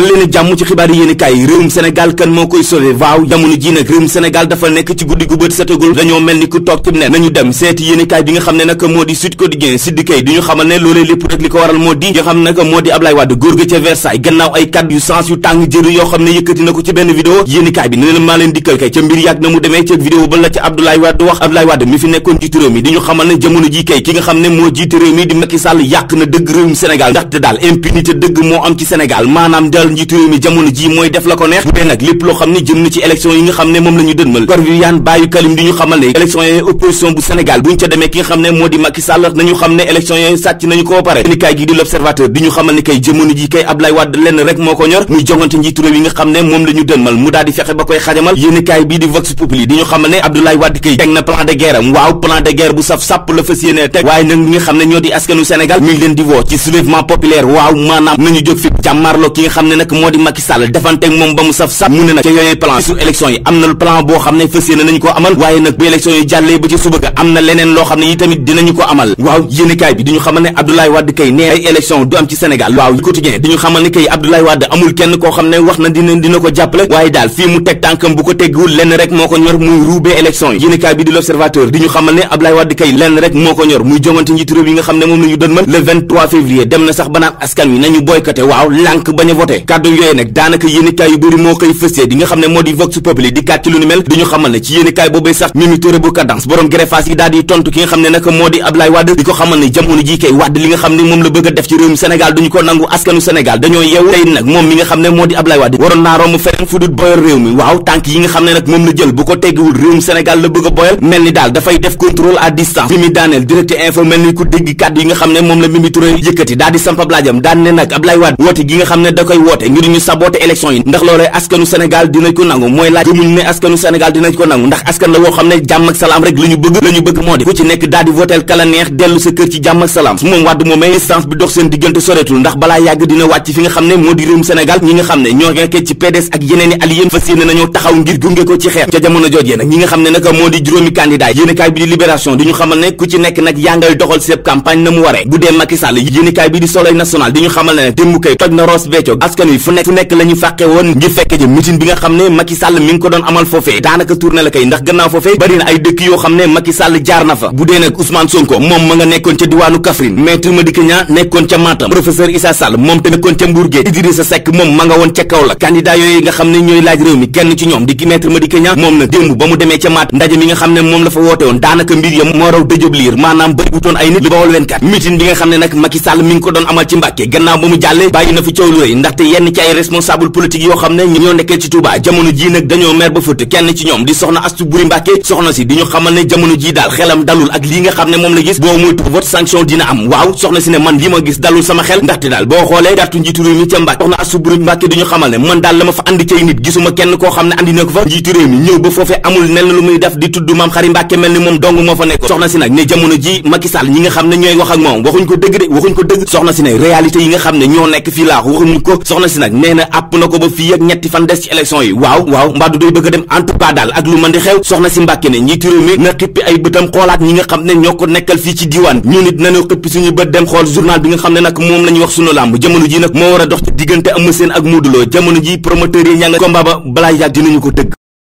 dal leen ak jàmm ci xibaar yéen i kaay réewum Sénégal kan moo koy sauvé waaw jamono ji nag réewum Sénégal dafa nekk ci guddi gu bët setagul dañoo mel ni ku toog ci nen nañu dem seeti yéen bi nga xam ne nag moo di Sud Quotidien Sud kay du xamal ne loolee lépp rek li ko waral moo di nga xam ne nag moo di Ablaye Wade góor ga ca Versailles gannaaw ay kàddu yu sens yu tàng jëru yoo xam ne yëkkati na ko ci benn vidéo yéen i kaay bi ne leen maa leen dikkal kay ca mbir yàgg na mu demee ca vidéo ba moo jiite réew mi di dogal njiitu réew mi jamono ji mooy def la ko neex bu dee lépp loo xam ne jëm na ci élection yi nga xam ne moom la ñu dënmal mu daal fexe ba koy xajamal yéen kaay di vox populi di ñu xamal ne Abdoulaye Wade kay teg na plan de guerre waaw plan de guerre bu saf sàpp la fas yéene teg waaye nag ñi nga xam ne ñoo di askanu Sénégal mi leen di woo ci soulèvement populaire waaw maanaam nañu jóg fi jàmmaarloo ki nga xam ne nag moo di Macky Sall defanteeg moom ba mu saf saf mu ne nag ca yooyee plan ci suba ga am na leneen loo xam ne yi tamit dinañu ko amal waaw yéenekaay bi du am ci Sénégal waaw quotidien di xamal ne kay Abdoulaye Wade amul kenn koo xam ne wax na dina dina ko jàppale waaye daal fii mu teg tànkam bu ko teggiwul lenn rek moo ko ñor muy ruubee élection yi yéenekaay bi di l'observateur di xamal ne Abdoulaye Wade kay lenn rek moo ko ñor muy jongante njiitu joxe kàddu yooyu nag daanaka yéenekaay yu bëri moo koy fësee di xam ne moo di vox populi di kat ci lu ni moom la bëgg a def ci réewum Sénégal ne moo di Abdoulaye Wade waroon naa yi nga xam ne nag moom la jël bu ko teggiwul mel ni daal dafay def contrôle à distance Mimi daaneel kàddu yi nga xam ne moom la Mimi Touré yëkkati daal di sampab laajam nag Abdoulaye Wade gi nga xam ne da koy ndax woo xam ne jàmm ak salaam rek la ñu bëgg la ñu bëgg moo di ku ci nekk daal di balaa yàgg dina wàcc fi nga xam ne moo di réewum Sénégal ñi nga xam ne ñoo nekkee ci PDS ak yeneen i alliés fas yéene nañoo taxaw ngir gunge ko ci xeex ca jamono joojee nag ñi nga xam ne nag moo di juróomi candidat yéene kaay bi di libération di ñu xamal ne ku ci nekk nag yaa ngay doxal seen campagne na mu waree bu dee Macky Sall yéene kaay bi di soleil national di ñu xamal askan wi fu nekk fu nekk la ñu woon ngir fekke ji mitin bi nga xam ne Macky Sall mi ngi ko doon amal foofee daanaka tourné la kay ndax gannaaw foofee bari na ay jaar na fa bu dee nag Ousmane Sonko moom ma nga nekkoon ca diwaanu Kaffrine maître Madické Niang nekkoon ca Matam professeur Issa Sall moom te nekkoon ca Mbour Gueye Idrissa Seck ma nga woon ca Kaolack candidat yooyu nga xam ne ñooy laaj kenn ci ñoom di ki maître moom nag ba mu demee ca Matam ndaje mi nga xam ne moom la fa woote woon daanaka mbir ya moo ay nit li bawol 24 mitin bi nag Macky Sall mi ngi ko doon amal ci Mbàkke gannaaw ba mu jàlle bàyyi na fi coow lu rëy ndaxte yenn ci ay responsable politique yoo xam ne ñoo nekkee ci Touba jamono ji nag dañoo mer ba fëtt kenn ci ñoom di soxna Astu Buri Mbàkke soxna si di xamal ne jamono ji am ne ñëw ba foofee amul nel na lu muy def di tudd maam xari Mbàkke mel ni moom dong moo fa nekk soxna si nag ne jamono ji Macky Sall ñi nga xam ne ñooy wax ak moom waxuñ ko dëgg de waxuñ ko dëgg soxna si ne réalité yi nga xam ne ñoo nekk fii laa waxuñ ko soxna si nag nee na àpp na ko ba fii ak ñetti fan des ci élection yi waaw waaw mbaa du doy bëgg a dem en tout cas daal ak lu mën di xew soxna si Mbàkke ne njiitu réew na xippi ay bëtam xoolaat ñi nga xam ne ñoo ko nekkal fii ci diiwaan ñu nit nañu xippi suñu bët dem xool journal bi nga xam ne nag moom la ñuy wax sunu làmb jamono ji nag moo war a dox ci diggante Eumeu Sène ak Modou Lo jamono ji promoteur yi ña nga ba balaa dinañu ko tëgg